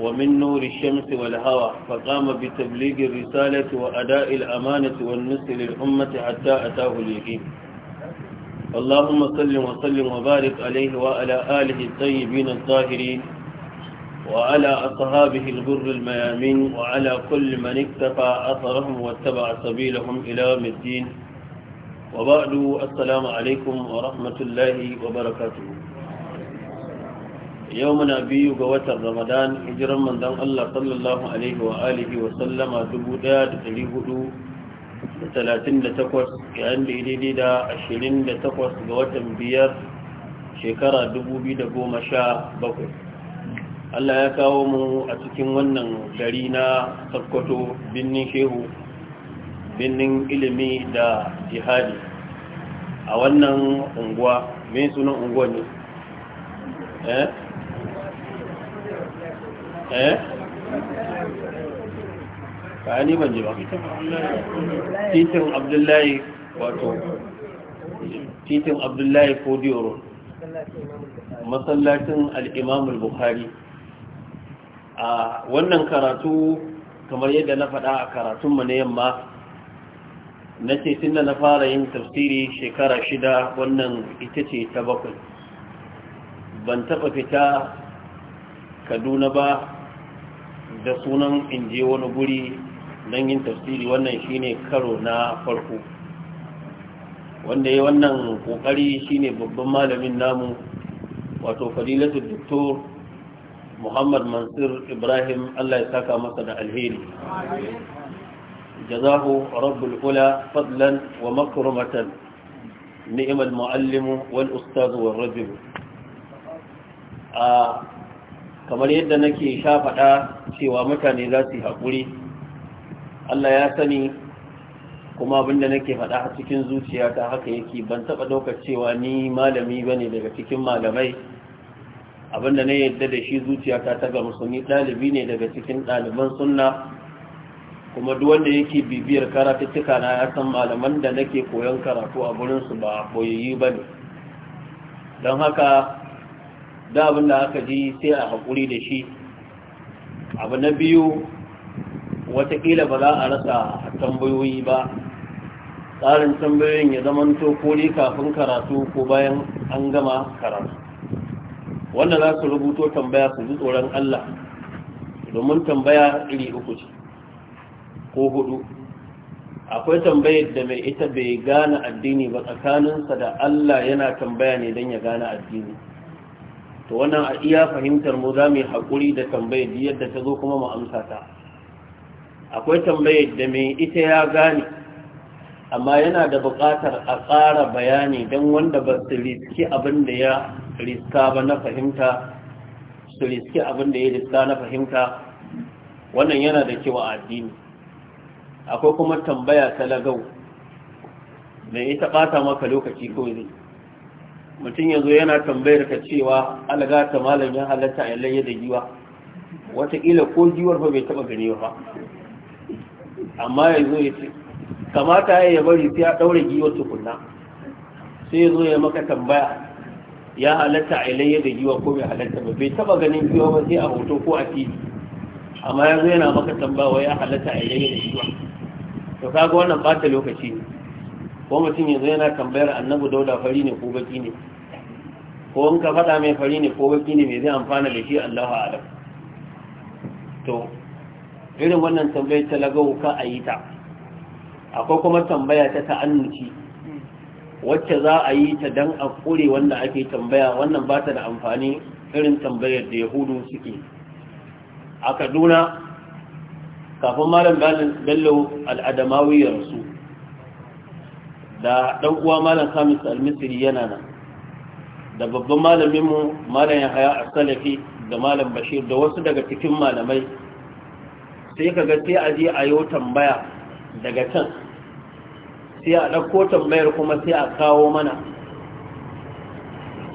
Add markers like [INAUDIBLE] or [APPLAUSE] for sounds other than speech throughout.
ومن نور الشمس والهوى فقام بتبليغ الرسالة وأداء الأمانة والنصر للأمة حتى أتاه اليقين اللهم صل وسلم وبارك عليه وعلى آله الطيبين الطاهرين وعلى أصحابه الغر الميامين وعلى كل من اكتفى أثرهم واتبع سبيلهم إلى الدين وبعد السلام عليكم ورحمة الله وبركاته yau muna biyu ga watan ramadan hijiran manzon Allah sallallahu alaihi wa alihi wa sallama 1438 yayin da daidai da 28 ga watan biyar shekara 2017 Allah ya kawo mu a cikin wannan gari na Sokoto binnin shehu binnin ilimi da jihadi a wannan unguwa mai sunan unguwa ne eh eh ni ban ji ba titin abdullahi wato titin abdullahi masallacin Al'imamul al-bukhari a wannan karatu kamar yadda na faɗa a karatunmu na yamma na ce tun na fara yin tafsiri shekara shida wannan ita ce ta bakwai ban taɓa fita kaduna ba da sunan in je wani guri don yin tafsiri wannan shine karo na farko wanda ya wannan kokari shine babban malamin namu wato fadilatu doktor muhammad mansur ibrahim allah ya saka masa da alheri جزاه rabbul الأولى fadlan wa نئم المعلم muallimu wal ustaz a ah, kamar yadda nake sha faɗa cewa mutane za su yi haƙuri Allah ya sani kuma abinda nake faɗa a cikin zuciya ta haka yake ban taɓa ɗaukar cewa ni malami ba ne daga cikin malamai abinda na yadda da shi zuciya ta ga musulmi ɗalibi ne daga cikin ɗaliban sunna kuma duk wanda yake bibiyar karatuttuka na ya san malaman da nake koyon karatu a gurinsu ba boyayyi ba ne don haka da abin da aka ji sai a haƙuri da shi abu na biyu watakila ba za a rasa tambayoyi ba tsarin tambayoyin ya zamanto ko dai kafin karatu ko bayan an gama karatu wanda za su rubuto tambaya su ji tsoron Allah domin tambaya iri uku ce ko hudu akwai tambayar da mai ita bai gane addini ba tsakaninsa da Allah yana tambaya ne don ya gane addini to wannan a iya fahimtar mu za mu yi haƙuri da tambayar da yadda ta zo kuma mu amsa ta akwai tambayar da mai ita ya gane amma yana da buƙatar a ƙara bayani don wanda ba su riski abin da ya riska ba na fahimta su riski abin da ya riska na fahimta wannan yana da kyau a addini akwai kuma tambaya ta lagau mai ita ɓata maka lokaci ko zai mutum ya zo yana tambayar ka cewa alaga ta malam ya halatta a yalayya da giwa wataƙila ko giwar fa bai taɓa gani ba amma ya zo ya ce kamata ya bari sai ya ɗaure giwar tukunna sai ya zo ya maka tambaya ya halatta a yalayya da giwa ko bai halatta ba bai taɓa ganin giwa ba sai a hoto ko a fili amma ya zo yana maka tambaya ya halatta a yalayya da giwa to kaga wannan ɓata lokaci ne ko mutum yanzu yana tambayar annabi dauda fari ne ko baki ne ko in ka faɗa mai fari ne ko baki ne mai zai amfana da shi Allahu adam to irin wannan tambayar ta lagau ka a yi ta akwai kuma tambaya ta ta'annuci wacce za a yi ta don a ƙure wanda ake tambaya wannan ba ta da amfani irin tambayar da yahudu suke a kaduna kafin malam bello al'adamawi da ɗan uwa malam kamis al-misri yana nan da babban malaminmu malam yahaya as-salafi da malam bashir da wasu daga cikin malamai sai kaga sai a je a yi tambaya daga can sai a ɗauko tambayar kuma sai a kawo mana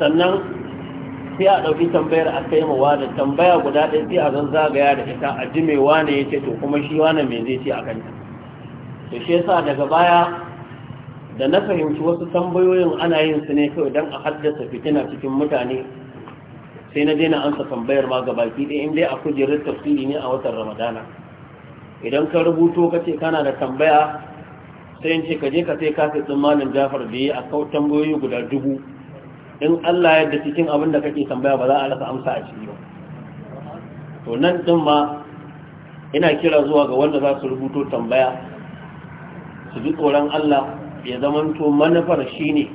sannan sai a ɗauki tambayar a kaimawa mawa da tambaya guda ɗaya sai a zan zagaya da ita a jimewa wane ya ce to kuma shi wane mai zai ce a kanta to shi yasa daga baya da na fahimci wasu tambayoyin ana yin su ne kawai don a haddasa fitina cikin mutane sai na daina ansa tambayar ma ga baki ɗaya in dai a kujerar tafsiri ne a watan ramadana idan ka rubuto ka ce kana da tambaya sai in ce ka je ka sai kasa tsammanin jafar da ya a tambayoyi guda dubu in allah yadda cikin abin da kake tambaya ba za a rasa amsa a ciki ba to nan din ma ina kira zuwa ga wanda za su rubuto tambaya su ji tsoron allah ya zamanto manufar shine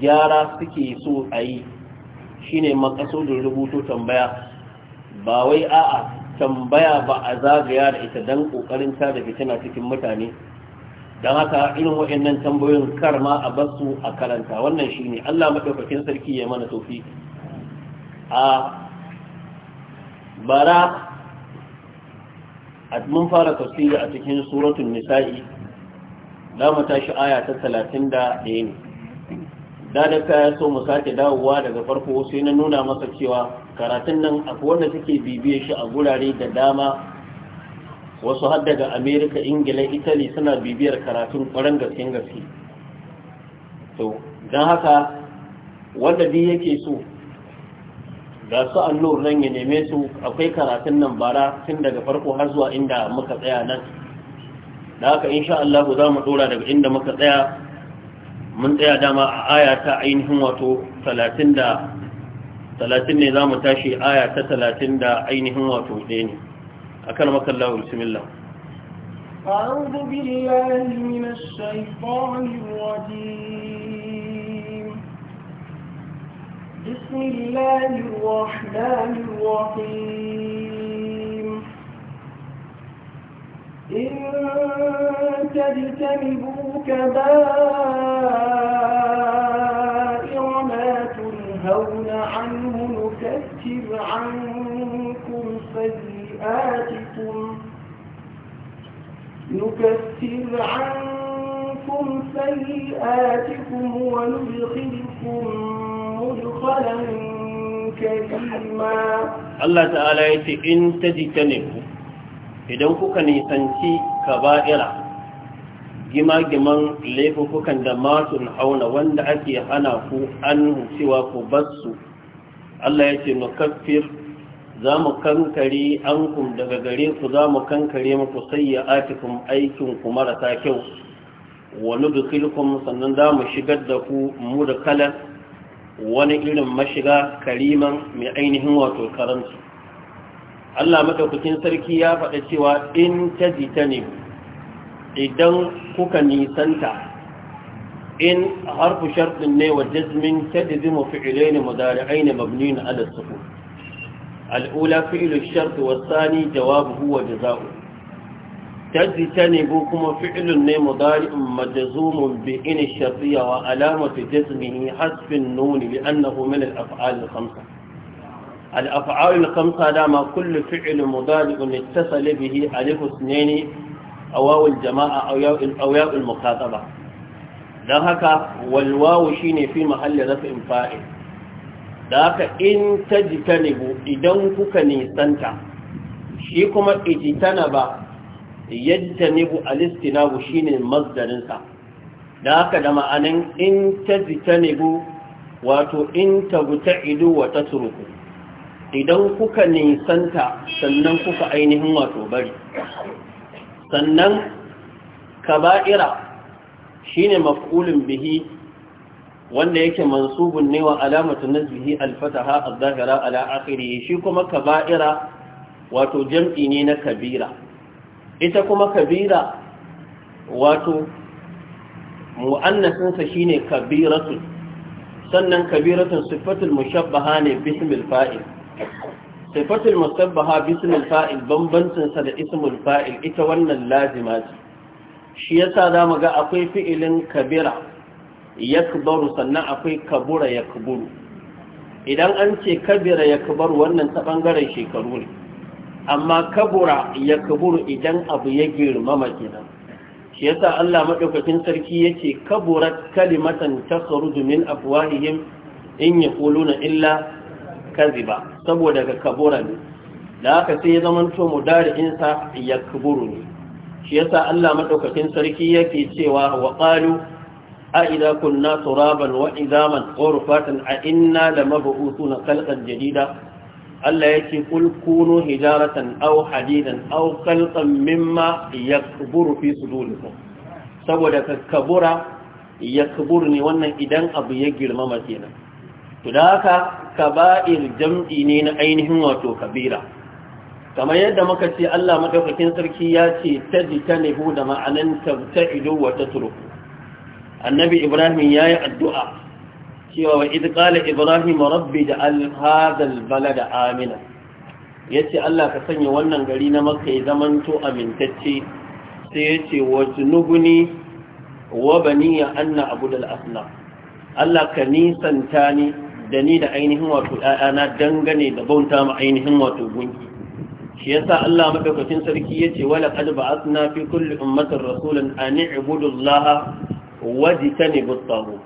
gyara suke so a yi shine da rubuto tambaya ba wai a'a tambaya ba a zagaya da ita don kokarin ta da fitina cikin mutane don haka irin waɗannan tambayoyin karma a basu a karanta wannan shi ne, Allah maɗaukakin sarki ya mana sofi a bara mun fara tafsiri a cikin suratun nisa'i za mu tashi aya ta talatin da ɗaya ne dadaka ya so mu sake dawowa daga farko sai na nuna masa cewa karatun nan akwai wanda suke bibiye shi a gurare da dama wasu har daga amerika ingila italy suna bibiyar karatun kwaran gaske gaske to don haka wanda dai yake so ga su annur nan ya neme su akwai karatun nan bara tun daga farko har zuwa inda muka tsaya nan da haka insha Allah za mu dora daga inda muka tsaya mun tsaya dama a aya ta ainihin wato 30 da 30 ne za mu tashi aya ta 30 da ainihin wato ɗaya ne akan makallahu bismillah أعوذ بالله من الشيطان الرجيم بسم الله الرحمن الرحيم إن تجتنبوا كبائر ما تنهون عنه نكفر عنكم سيئاتكم نكفر عنكم سيئاتكم وندخلكم مدخلا كريما الله تعالى يتي إن تجتنبوا idan kuka nisanci kaba'ira gima-giman laifukan da masu hauna wanda ake hana ku an cewa ku basu Allah ya ce nukaffir za mu kankare kum daga gare ku za mu kankare muku sayya atikun aikinku marasa kyau wani dukilkun sannan za mu shigar da ku mu da kalan wani irin mashiga kariman mai ainihin wato karansu Allah madaukakin sarki ya faɗa cewa in ta tajitani idan kuka nisanta in harfu shartin ne wa jazmin tajzimu fi'ilaini mudari'aini mabniun ala sukun al-ula fi'lu shart wa thani jawabuhu wa jazaa'u tajtanibu kuma fi'lun ne mudari'un majazumun bi in shartiyya wa alamatu jazmihi hasfin nuni bi annahu min al-af'al al-khamsah الأفعال الخمسة دام كل فعل مضارع اتصل به ألف اثنين أواو الجماعة أو ياء المخاطبة dan haka walwawu shine fi mahalli rafin fa'il da haka in tajtanibu idan kuka nisanta shi kuma ijtanaba yajtanibu alistinabu shine masdarin sa da haka da ma'anin in tajtanibu wato in tabta'idu wa idan kuka nisanta sannan kuka ainihin wato bari sannan kaba'ira shine maf'ulun bihi wanda yake mansubun ne wa alamatu nazbihi alfataha az-zahira ala akhirih shi kuma kaba'ira wato jam'i ne na kabira ita kuma kabira wato mu'annasinsa shine kabiratun sannan kabiratun sifatul mushabbaha ne bismil fa'il sifatul musabbaha bismil fa'il bambancin sa da ismul fa'il ita wannan lazima ce shi yasa zamu ga akwai fi'ilin kabira yakbaru sannan akwai kabura yakburu idan an ce kabira yakbaru wannan ta bangaren shekaru ne amma kabura yakburu idan abu ya girmama nan shi yasa Allah madaukakin sarki yace kaburat kalimatan takhruju min afwahihim in yaquluna illa Kaziba, saboda ga kabura ne da aka sai ya zamanto mudari'in sa ya kaburu ne shi yasa Allah madaukakin sarki yake cewa wa qalu a idza kunna turaban wa idaman urfatan a inna lamab'uthuna khalqan jadida Allah yake kul kunu hijaratan aw hadidan aw khalqan mimma yakburu fi sudurikum saboda kakkabura yakbur ne wannan idan abu ya girmama kenan to da haka kaba'ir jam'i ne na ainihin wato kabira kamar yadda muka ce Allah madaukakin sarki ya ce tajtanihu da ma'anan tabta'idu wa tatruku annabi ibrahim yayi addu'a cewa wa idh qala ibrahim rabbi ja'al hadha al-balada amina yace Allah ka sanya wannan gari na makka ya zamanto amintacce sai yace wajnubni wa baniya anna abudal asna Allah ka nisanta ni da ni da ainihin wato ɗana dangane da bauta ma ainihin wato gunki shi yasa Allah maɗaukacin sarki yace wala a suna fi kulli ummatin rasulan an i'budu laha, waje ta ne taghut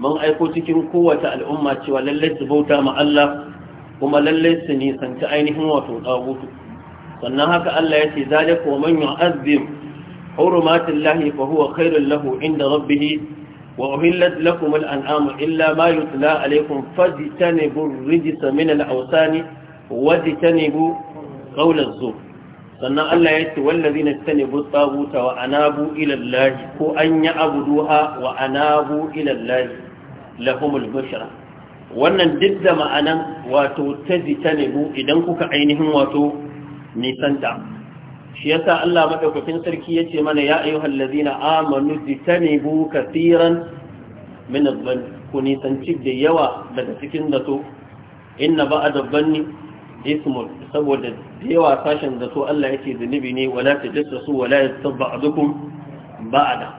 mun aiko cikin kowace al'umma cewa lallai su bauta ma Allah kuma lallai su nisanci ainihin wato taghut sannan haka Allah ce zalika wa man yu'azzim hurumatillahi fa huwa khairul lahu inda rabbih وأهلت لكم الأنعام إلا ما يتلى عليكم فاجتنبوا الرجس من الأوثان واجتنبوا قول الزور sannan Allah ya ce wallazi na ta tane bustabuta wa anabu ilallahi ko an yi abuduha wa anabu ilallahi lahumul bushra wannan duk da ma'anan wato tajitanibu idan kuka ainihin wato nisanta shi yasa Allah madaukakin sarki yace mana ya ayyuhal ladina amanu jitanibu katiran min adh da yawa daga cikin zato inna ba'a dhanni ismun saboda da yawa sashen zato Allah yake zunubi ne wala tajassasu wala yastaba'dukum ba'da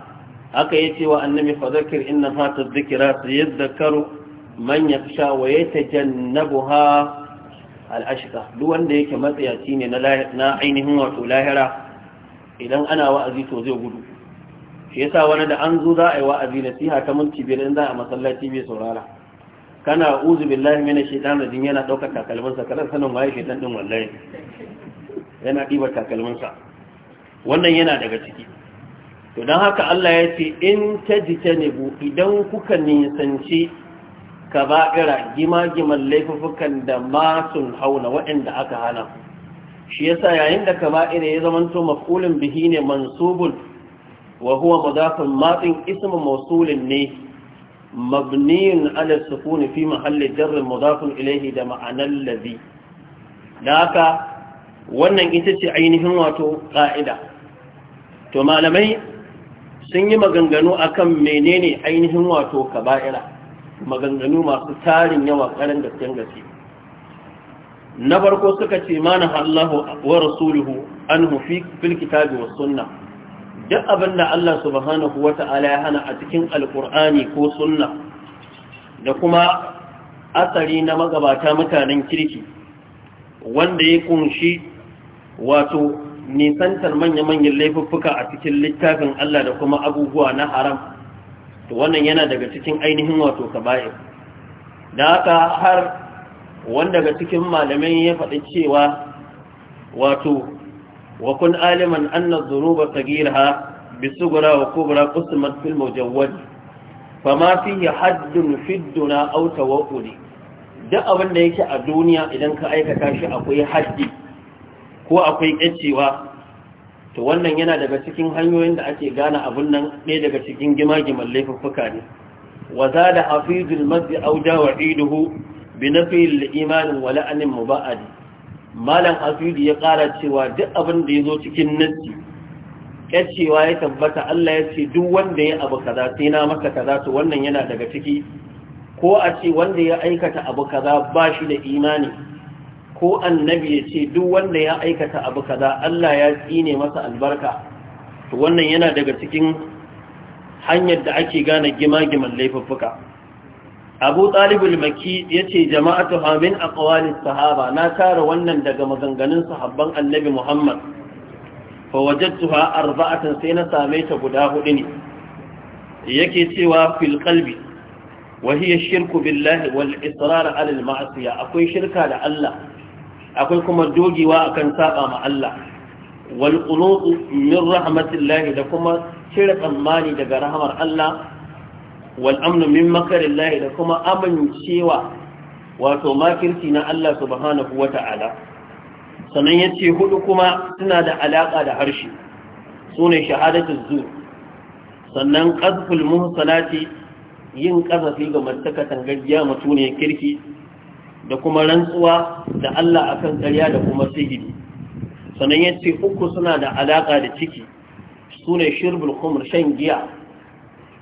haka yace wa annabi fadhakir inna fa tadhkira sayadhakkaru man yakhsha wa yatajannabuha al'ashika duk wanda yake matsayaci ne na ainihin wato lahira idan ana wa'azi to zai gudu shi yasa wani da an zo za a yi wa'azi nasiha ta minti biyar in za a masallaci bai saurara kana uzu billahi na shaitan da jin yana ɗaukar takalminsa kada sanin waye shaitan ɗin wallahi yana ɗibar takalminsa wannan yana daga ciki to don haka Allah ya ce in ta jita ne idan kuka nisanci kaba'ira gima-giman laifukan da masun hauna waɗanda aka hana shi yasa yayin da kaba'ira ya zamanta maf'ulin bihi ne mansubun wa huwa mudafin matsin ismu mausulin ne mabniyun ala sukuni fi mahalli jarrin mudafin ilaihi da ma'anar lazi da haka wannan ita ce ainihin wato ƙa'ida to malamai sun yi maganganu akan menene ainihin wato kaba'ira maganganu masu tarin yawa karan gaskiyar gaske na farko suka ce mana Allahu wa rasuluhu an mufi fil kitabi was sunna duk abin da Allah subhanahu wata'ala ya hana a cikin alqur'ani ko sunna da kuma asari na magabata mutanen kirki wanda ya kunshi wato nisantar manya-manyan laifuffuka a cikin littafin Allah da kuma abubuwa na haram to wannan yana daga cikin ainihin wato kaba'ir da haka har wanda daga cikin malamai ya faɗi cewa wato wa kun aliman anna dhuruba sagirha bisugura wa kubra qismat fil mujawwad fama fihi haddun fidduna aw tawaqqudi duk abin da yake a duniya idan ka aikata shi akwai haddi ko akwai ƙyacewa to wannan yana daga cikin hanyoyin da ake gane abin nan ɗaya daga cikin gima-giman laifuffuka ne wa za da hafizul mazi auja wa iduhu bi na fiye imanin wa la'anin mu ba'adi malam hafizu ya ƙara cewa duk abin da ya zo cikin nassi cewa ya tabbata Allah ya ce duk wanda ya abu kaza sai na maka kaza to wannan yana daga ciki ko a ce wanda ya aikata abu kaza ba shi da imani ko annabi ya ce duk wanda ya aikata abu kaza Allah ya tsine masa albarka to wannan yana daga cikin hanyar da ake gane gimagiman laifuffuka abu talibul maki ya ce jama'atu hamin a sahaba na tara wannan daga maganganun sahabban annabi muhammad fawajattuha arba'atan sai na same ta guda hudu ne yake cewa fil qalbi wa hiya shirku billahi wal israr ala al ma'siya akwai shirka da Allah akwai kuma dogewa akan saba ma Allah wal qunutu min rahmatillah da kuma cire tsammani daga rahmar Allah wal amnu min makarillah da kuma amincewa wato makirci na Allah subhanahu wata'ala sannan yace hudu kuma suna da alaka da harshe sune shahadatu zur sannan qazful muhsanati yin kazafi ga mace ka tangajiya mutu kirki da kuma rantsuwa da Allah akan ƙarya da kuma sihiri sannan ya ce uku suna da alaƙa da ciki su ne shirbul kumar shan giya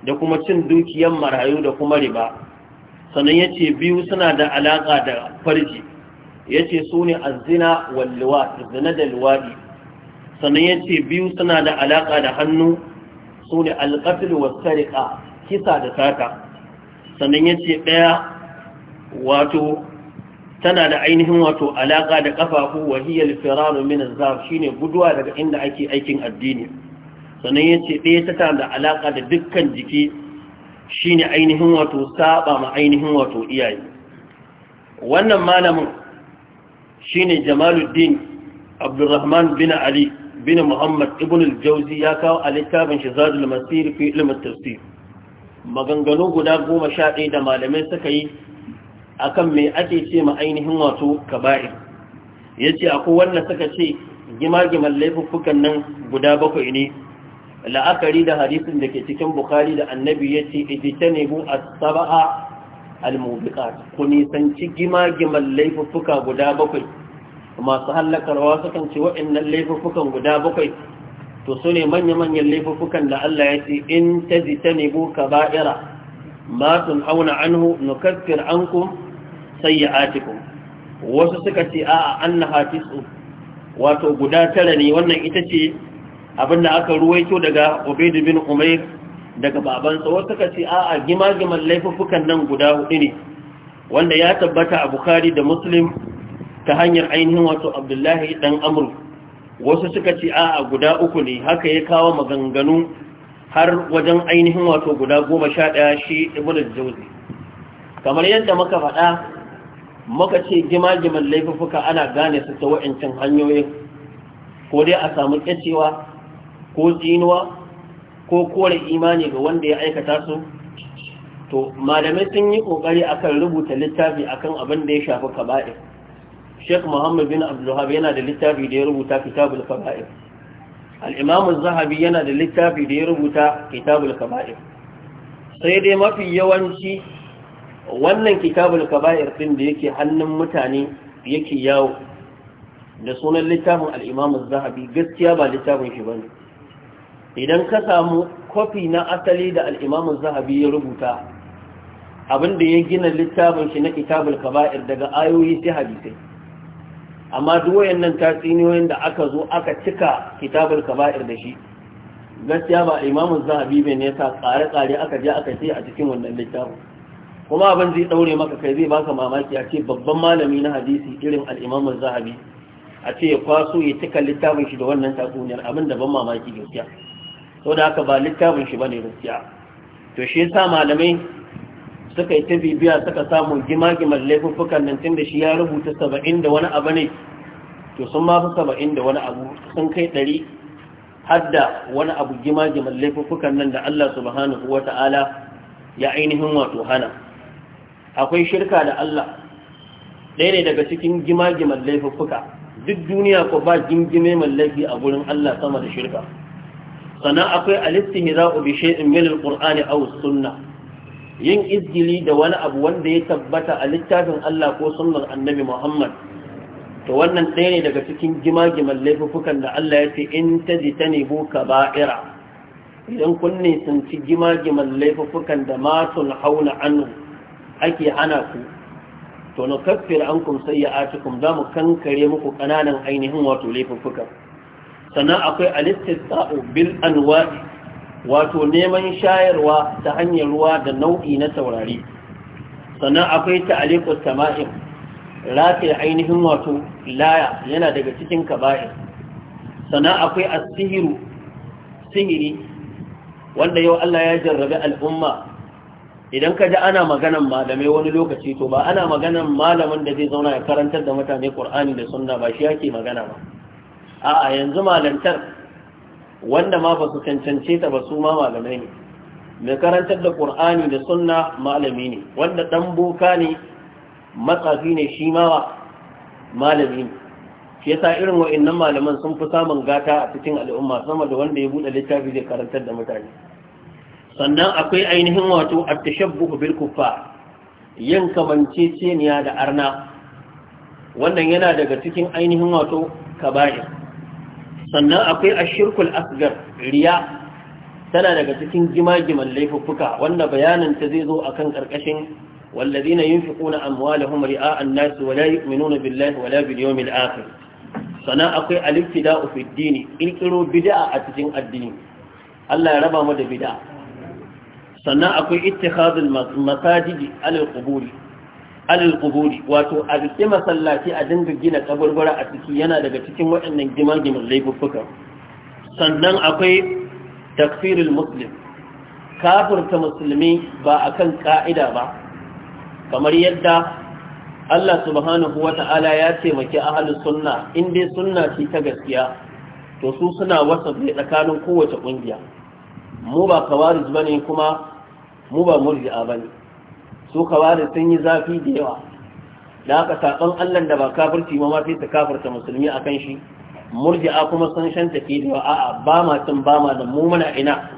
da kuma cin dukiyan marayu da kuma riba sannan ya ce biyu suna da alaƙa da farji ya ce su ne azina walluwa zina da luwaɗi sannan ya ce biyu suna da alaƙa da hannu su ne alƙafil sarika kisa da sata sannan ya ce ɗaya wato tana da ainihin wato alaka da kafafu wa hiya al min shine guduwa daga inda ake aikin addini sannan yace ɗaya ta tana da alaka da dukkan jiki shine ainihin wato saba ma ainihin wato iyaye wannan malamin shine Jamaluddin Abdurrahman bin Ali bin Muhammad ibn al-Jawzi ya kawo a littafin shi Zadul Masir fi ilm at-tafsir maganganu guda 11 da malamai suka yi akan me ake ce ma ainihin wato kaba'ir yace akwai wanda suka ce gima-giman laifukan nan guda bakwai ne la'akari da hadisin da ke cikin bukari da annabi ya ce ijitanibu a sabaa al ku nisanci gima-giman laifuka guda bakwai masu hallakarwa sukan ce waɗannan laifukan guda bakwai to su ne manya-manyan laifukan da Allah ya ce in ta tajitanibu kaba'ira ma tun auna anhu an ankum sayyi'atikum wasu suka ce a'a annaha tis'u wato guda tara ne wannan ita ce abinda aka ruwaito daga Ubayd bin Umayr daga babansa wasu suka ce a'a gimagiman laifukan nan guda hudu ne wanda ya tabbata a Bukhari da Muslim ta hanyar ainihin wato Abdullahi dan Amr wasu suka ce a'a guda uku ne haka ya kawo maganganu har wajen ainihin wato guda goma sha ɗaya shi ibn jauzi kamar yadda muka faɗa muka ce gima laifuka ana gane su ta wa'incin hanyoyin ko dai a samu kyacewa ko tsinuwa ko kore imani ga wanda ya aikata su to malamai sun yi kokari akan rubuta littafi akan abin da ya shafi kaba'i Sheikh Muhammad bin Abdulwahab yana da littafi da ya rubuta Kitabul kaba'i Al-Imam Az-Zahabi yana da littafi da ya rubuta Kitabul kaba'i sai dai mafi yawanci wannan kitabul kaba'ir din da yake hannun mutane yake yawo da sunan littafin al-Imam az-Zahabi gaskiya ba littafin shi bane idan ka samu kofi na asali da al-Imam az-Zahabi ya rubuta abinda ya gina littafin shi na kitabul kaba'ir daga ayoyi sai hadisi amma duk wayannan tatsiniyoyin da aka zo aka cika kitabul kaba'ir da shi gaskiya ba Imam az-Zahabi bane sa tsare-tsare aka je aka ce a cikin wannan littafin kuma abin zai daure maka kai zai baka mamaki a ce babban malami na hadisi irin al'imamun zahabi a ce ya kwaso ya cika littafin shi da wannan tatsuniyar abin da ban mamaki gaskiya sau da haka ba littafin shi bane gaskiya to shi sa malamai suka yi ta bibiya suka samu gima gimar laifuffukan nan tun da shi ya rubuta saba'in da wani abu ne to sun ma fi saba'in da wani abu sun kai ɗari hadda wani abu gima gimar laifuffukan nan da Allah subhanahu wa ta'ala ya ainihin wato hana akwai shirka da Allah ɗaya ne daga cikin gima-giman duk duniya ko ba gingime mai a gurin Allah sama da shirka sannan akwai alistihza'u bi shay'in in al-qur'ani aw sunnah yin izgili da wani abu wanda ya tabbata a littafin Allah ko sunnar annabi Muhammad to wannan ɗaya ne daga cikin gima-giman laifukan da Allah ya ce in tajtanibu kaba'ira idan kunne sun ci gima-giman laifukan da matun hauna anhu ake hana ku to na kaffir an kum sayyi'atukum za mu kankare muku ƙananan ainihin wato laifuffuka sannan akwai sa'o bil anwa'i wato neman shayarwa ta hanyar ruwa da nau'i na saurari. sannan akwai ta ta'aliqut tama'in rafi ainihin wato laya yana daga cikin kaba'ir sannan akwai asihiru sihiri wanda yau Allah ya jarrabe al'umma idan ka ji ana maganan malamai wani lokaci to ba ana maganan malamin da zai zauna ya karantar da mutane ƙur'ani da sunna ba shi yake magana ba a'a yanzu malantar wanda ma ba su cancance ta ba su ma malamai ne mai karantar da ƙur'ani da sunna malami ne wanda ɗan boka ne matsafi ne shi ma malami ne shi yasa irin wa'annan malaman sun fi samun gata a cikin al'umma sama da wanda ya buɗe littafi zai karantar da mutane sannan akwai ainihin wato a tashabbuhu bil kufa yin ceniya da arna wannan yana daga cikin ainihin wato kaba'ir sannan akwai ashirkul asgar riya tana daga cikin jimagiman laifuffuka wanda bayanin ta zai zo akan karkashin wallazina yunfiquna amwalahum ria annas wa la yu'minuna billahi wa la bil yawmil sannan akwai al-ibtida'u fid din ilkiru bid'a a cikin addini Allah ya raba mu da bid'a sannan akwai ittikhadul masajidi alal quburi alal wato a rike masallaci a dinga gina kaburbura a ciki yana daga cikin waɗannan gimagimin laifuffuka sannan akwai takfirul muslim kafirta musulmi ba akan ƙa'ida ba kamar yadda Allah subhanahu wata'ala ya taimaki ahalin sunna in dai sunna ce ta gaskiya to su suna wasa tsakanin kowace ƙungiya, mu ba kawarij ne kuma mu ba murji'a ba ne su da sun yi zafi da yawa da haka saƙon allah da ba kafirci ma ma sai ta kafirta musulmi a kan shi murji'a kuma sun shan tafi da yawa a'a ba ma sun ba ma da mu muna ina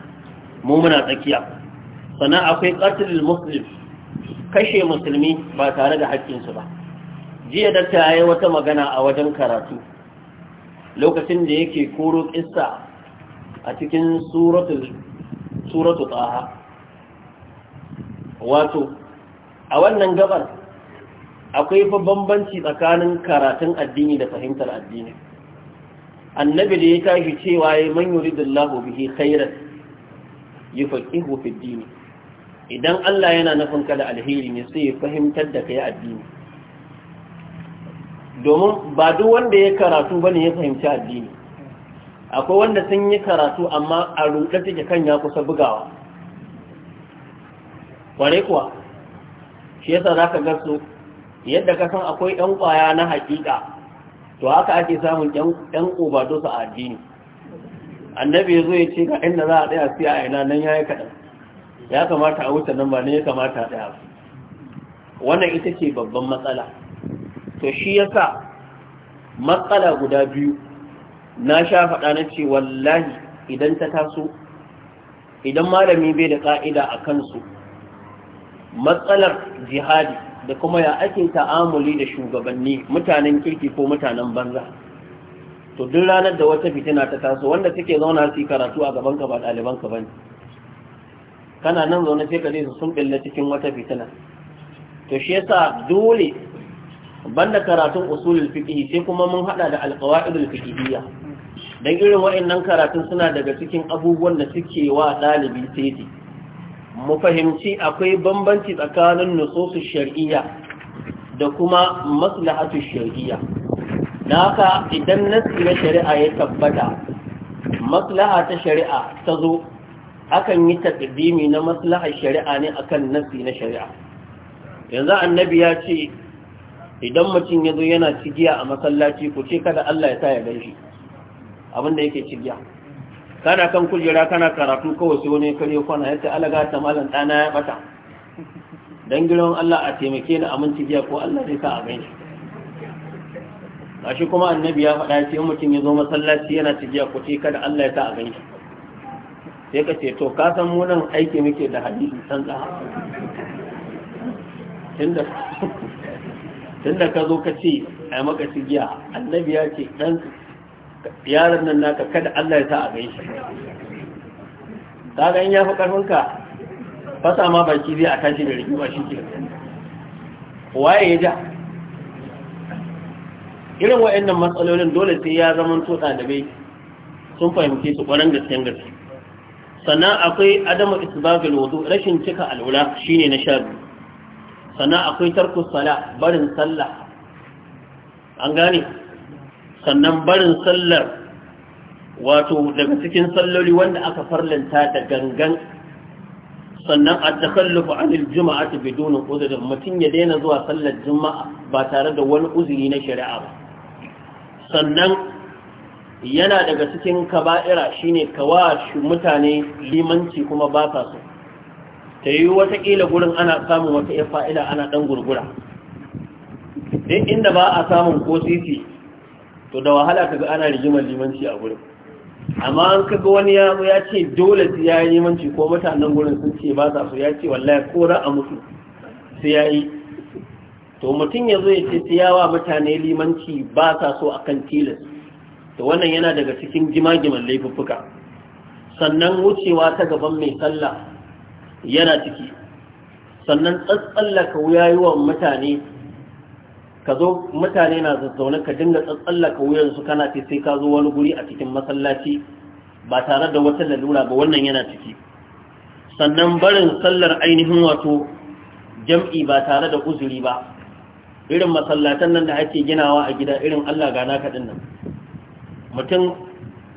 mu muna tsakiya sannan akwai qatlul muslim kashe musulmi ba tare da haƙƙinsu ba jiya da ta yi wata magana a wajen karatu lokacin da yake koro kissa a cikin suratul suratul wato a wannan gabar akwai fa bambanci tsakanin karatun addini da fahimtar addini annabi da ya tashi cewa ya man yuridullahu bihi khairan yufaqihu fi dini idan Allah yana nufin ka da alheri ne sai ya fahimtar da kai addini domin ba duk wanda ya karatu bane ya fahimci addini akwai wanda sun yi karatu amma a rudda take kan ya kusa bugawa kware kuwa shi yasa za ka gasu yadda ka san akwai ɗan ƙwaya na haƙiƙa to haka ake samun ɗan ƙobato su a addini annabi ya zo ya ce ga inda za a ɗaya su a ina nan ya yi kaɗan ya kamata a wuce nan ba ne ya kamata a ɗaya wannan ita ce babban matsala to shi yasa matsala guda biyu na sha faɗa na ce wallahi idan ta taso idan malami bai da ƙa'ida a kansu matsalar jihadi da kuma ya ake ta'amuli da shugabanni mutanen kirki ko mutanen banza to duk ranar da wata fitina ta taso wanda take zauna su karatu a gaban ka ba ɗaliban ka bane kana nan zaune sai ka je su sun billa cikin wata fitina to shi yasa dole banda karatun usulul fiqh sai kuma mun hada da alqawaidul fiqhiyya dan irin wa'annan karatun suna daga cikin abubuwan da suke wa ɗalibi sai mu fahimci akwai bambanci tsakanin nusosu shari'a da kuma maslahatu shari'a da haka idan nasi na shari'a ya tabbata maslaha ta shari'a ta zo akan yi takdimi na maslahar shari'a ne akan nasi na shari'a yanzu annabi ya ce idan mutum ya zo yana cigiya a masallaci ku ce kada Allah ya sa ya gan shi abinda yake cigiya kana kan kujera kana karatu kawai sai wani kare kwana ya ce alaga ta malam ɗana ya bata dan giron Allah a taimake ni aminci biya ko Allah zai sa a gan shi kuma annabi ya faɗa ce mutum ya zo masallaci yana jiya, ko ce kada Allah ya sa a gan shi sai ka ce to ka san mu nan aiki muke da hadisi san da tunda tunda ka zo ka ce ai maka tigiya annabi ya ce dan yaron nan naka kada Allah ya sa a gaishe kaga in ya fi karfinka fasa ma baki zai a tashi da rigima shi ke waye ya ja irin wa'annan matsalolin dole sai ya zama to bai sun fahimce su ƙwarar gaskiyar gaske sannan akwai adamu isbagil wudu rashin cika alula shine na sha biyu sannan akwai tarkus sala barin sallah an gane sannan barin sallar wato daga cikin salloli wanda aka farlanta da gangan sannan a takallufu anil juma'a ta bidonin uzurin mutum ya daina zuwa sallar juma'a ba tare da wani uzuri na shari'a ba sannan yana daga cikin kaba'ira shine kawa mutane limanci kuma ba sa so ta yi watakila gurin ana samun wata ya fa'ila ana ɗan gurgura duk inda ba a samun ko titi to da wahala kaga ana rigimar limanci a gurin amma an kaga wani ya ya ce dole sai ya yi limanci ko mutanen gurin sun ce ba sa su, ya ce wallahi ko ra a mutu sai ya yi to mutum ya zo ya ce sai yawa mutane limanci ba sa so akan tilas to wannan yana daga cikin gimagiman laifuffuka sannan wucewa ta gaban mai sallah yana ciki sannan tsatsallaka wuyayuwan mutane ka zo mutane na zazzaune ka dinga wuyar su kana ce sai ka zo wani guri a cikin masallaci ba tare da wata lalura ba wannan yana ciki sannan barin sallar ainihin wato jam'i ba tare da uzuri ba irin masallatan nan da ake ginawa a gida irin Allah gana ka nan mutum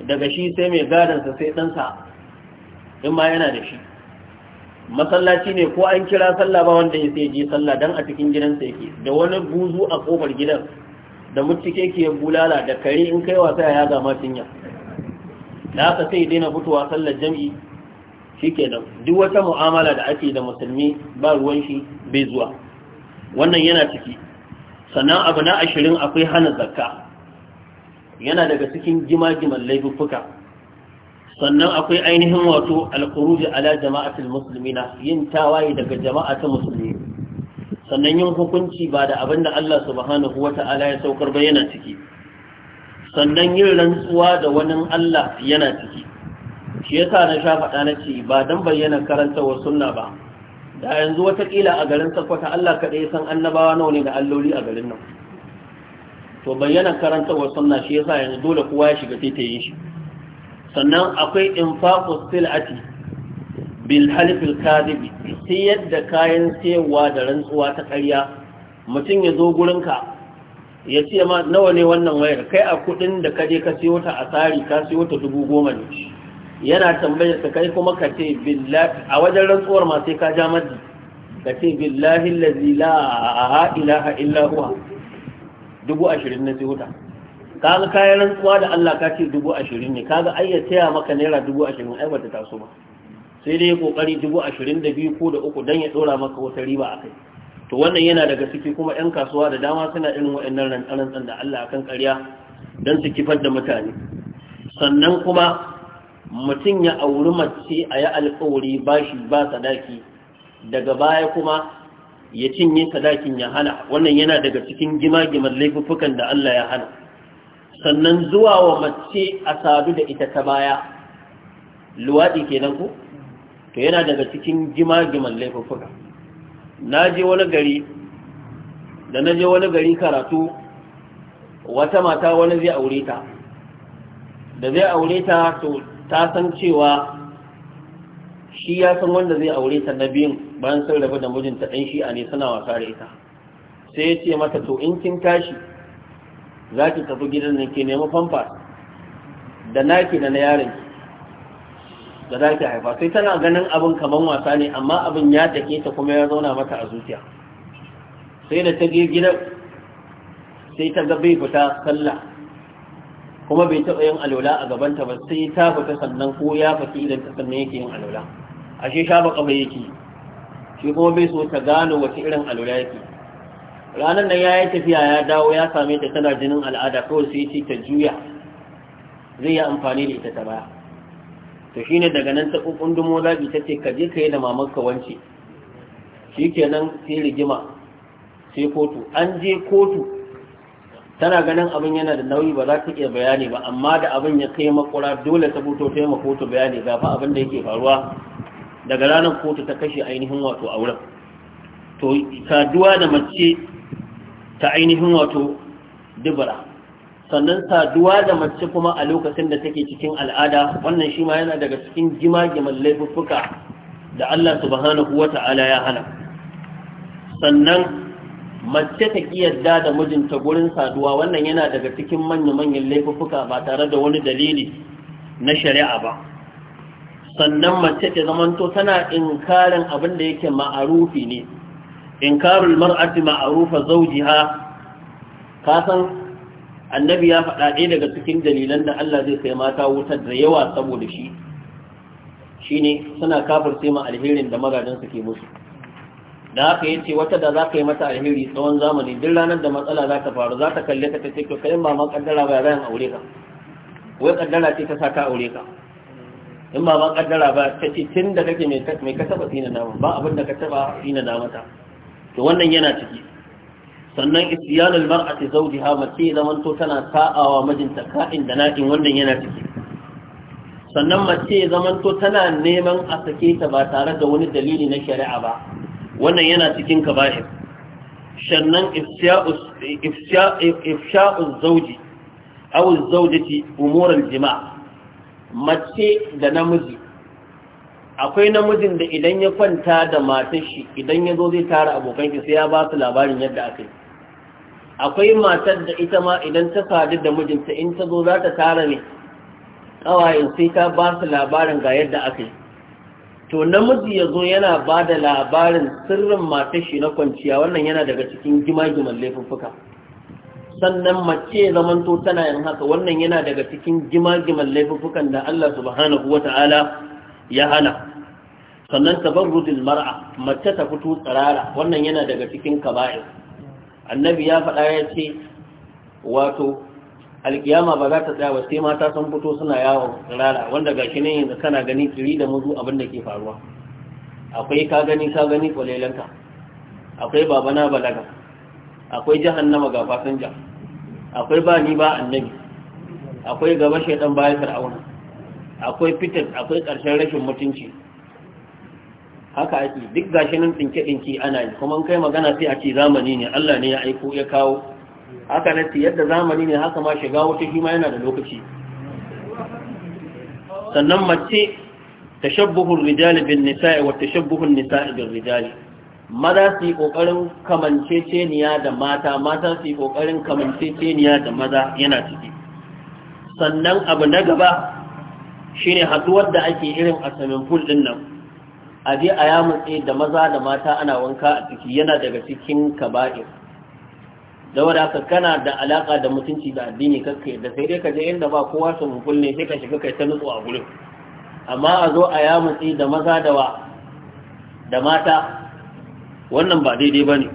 daga shi sai mai gadansa sai ɗansa in ma yana da shi masallaci ne ko an kira sallah ba wanda ya sai je sallah dan a cikin gidansa yake da wani buzu a kofar gidan da mutuke ke bulala da kare in kai wasa ya ga masinya. da haka sai daina fitowa sallar jami'i shikenan duk wata mu'amala da ake da musulmi ba ruwan shi bai zuwa wannan yana ciki sannan abu na ashirin akwai hana zakka yana daga cikin gima-giman laifuffuka sannan akwai ainihin wato alkuruji ala jama'atul na yin tawaye daga jama'a ta musulmi sannan yin hukunci ba da abinda Allah subhanahu wata'ala ya saukar ba yana ciki sannan yin rantsuwa da wani Allah yana ciki shi yasa na sha faɗa na ce ba dan bayyana karantawar sunna ba da yanzu watakila a garin sakwata Allah kaɗai ya san annabawa nawa ne da alloli a garin nan to bayyana karantawar sunna shi yasa yanzu dole kowa ya shiga taitayin shi sannan akwai infaqus silati bil halifil kadibi sai yadda kayan sayarwa da rantsuwa ta ƙarya mutum ya zo gurinka ya ce ma nawa ne wannan wayar kai a kudin da kaje ka siyo ta a tsari ka siyo ta dubu goma ne yana tambayar ka kai kuma ka ce billahi a wajen rantsuwar ma sai ka ja maddi ka ce billahi allazi la ilaha illa huwa dubu ashirin na siyo ta kaga kayan rantsuwa da Allah ka ce dubu ashirin ne kaga ga ya taya maka naira dubu ashirin ai bata taso ba sai dai kokari dubu ashirin da biyu ko da uku dan ya dora maka wata riba a kai to wannan yana daga ciki kuma yan kasuwa da dama suna irin wa'annan rantsan da Allah akan ƙarya dan su kifar da mutane sannan kuma mutum ya auri mace a yi alƙawari bashi ba sadaki daga baya kuma ya cinye sadakin ya hana wannan yana daga cikin gima-giman laifuffukan da Allah ya hana sannan zuwa wa mace a sadu da ita ta baya luwaɗi kenan ku to yana daga cikin jima-jiman laifuffuka na je wani gari da na je wani gari karatu wata mata wani zai aure ta da zai aure ta to ta san cewa shi ya san wanda zai aure ta na biyun bayan sarrafa da mijinta ɗan shi a ne suna wasa da ita sai ya ce mata to in kin tashi za ki tafi gidan nan ke nemi famfa da naki da na yaron da za ki haifa sai tana ganin abin kaman wasa ne amma abin ya take ta kuma ya zauna mata a zuciya sai da ta je gidan sai ta ga bai fita sallah kuma bai taɓa yin alola a gabanta ba sai ta fita sannan ko ya fasi idan ta sannan yake yin alola ashe sha baka bai yake shi kuma bai so ta gano wace irin alola yake ranar nan ya yi tafiya ya dawo ya same ta tana jinin al'ada kawai sai ce ta juya zai yi amfani da ita ta baya to shi ne daga nan ta kundumo zaɓi ta ce ka je ka yi da mamanka wance shi nan sai rigima sai kotu an je kotu tana ganin abin yana da nauyi ba za ta iya bayani ba amma da abin ya kai makura dole ta fito ta yi kotu bayani ga fa abin da yake faruwa daga ranar kotu ta kashe ainihin wato auren to saduwa da mace ta ainihin wato dubura sannan saduwa da mace kuma a lokacin da take cikin al'ada wannan shi ma yana daga cikin jimagiman laifuffuka da Allah subhanahu wa ta'ala ya hana sannan mace ta kiyarda da mijinta gurin saduwa wannan yana daga cikin manya-manyan laifuffuka ba tare da wani dalili na shari'a ba sannan mace ta zamanto tana inkarin abin da yake ma'arufi ne In inkarul mar'ati ma'rufa zawjiha ka san annabi ya faɗa ɗaya daga cikin dalilan da Allah zai kai mata wutar da yawa saboda shi shine suna kafirce ma alherin da magajin su ke musu da haka ya ce wata da za ka yi mata alheri tsawon zamani duk ranar da matsala za ta faru za ta kalle ka ta ce ka kai maman kaddara ba zan aure ka wai kaddara ce ta sa ta aure ka in maman kaddara ba ta ce tun da kake mai ka taba tsina nama ba abin da ka taba tsina na mata to wannan yana ciki sannan isyan almar'ati zawjiha mace zaman to tana sa'awa mijinta ka'in da na'in wannan yana ciki sannan mace zaman to tana neman a sake ta ba tare da wani dalili na shari'a ba wannan yana cikin kaba'ir sannan ifsha'u zawji aw zawjati umur jima'a. mace da namiji akwai namijin da idan ya kwanta da matar shi idan ya zo zai tara abokan shi sai ya ba su labarin yadda aka yi akwai matar da ita ma idan ta sadu da mijinta in ta zo za ta tara ne ƙawayen sai ta ba su labarin ga yadda aka yi to namiji ya zo yana ba da labarin sirrin matar shi na kwanciya wannan yana daga cikin gima-giman laifuffuka sannan mace zamanto tana yin haka wannan yana daga cikin gima-giman laifuffukan da Allah subhanahu wata'ala ya hana sannan tabarrujul mar'a mace ta fito tsirara wannan yana daga cikin kaba'ir annabi ya faɗa ya ce wato alkiyama ba za ta tsaya ba sai mata sun fito suna yawon tsirara wanda gashi ne yanzu kana gani tsiri da muzu abin da ke faruwa akwai ka gani ka gani kwalelanka akwai baba na balaga akwai jahannama ga fasinja akwai ba ni ba annabi akwai gaba shaidan bayan fir'auna akwai fitar akwai ƙarshen rashin mutunci haka ake duk gashi nan tsinke-tsinke ana yi kuma kai magana sai a ce zamani ne Allah ne ya aiko ya kawo haka na ce yadda zamani ne haka ma shiga wata shi ma yana da lokaci sannan mace tashabbuhun rijali bin nisa'i wa tashabbuhun nisa'i bin rijali maza su yi kokarin kamanceceniya da mata mata su yi kokarin kamanceceniya da maza yana ciki sannan abu na gaba shine haduwar da ake irin a swimming pool din nan a je a yamutse da maza da mata ana wanka a ciki yana daga cikin kaba'ir da wadaka kana da alaka da mutunci da addini kakka da sai dai ka je inda ba kowa su ne sai ka shiga kai ta nutsu a gurin amma a zo a yamutse da maza da wa da mata wannan ba daidai ba ne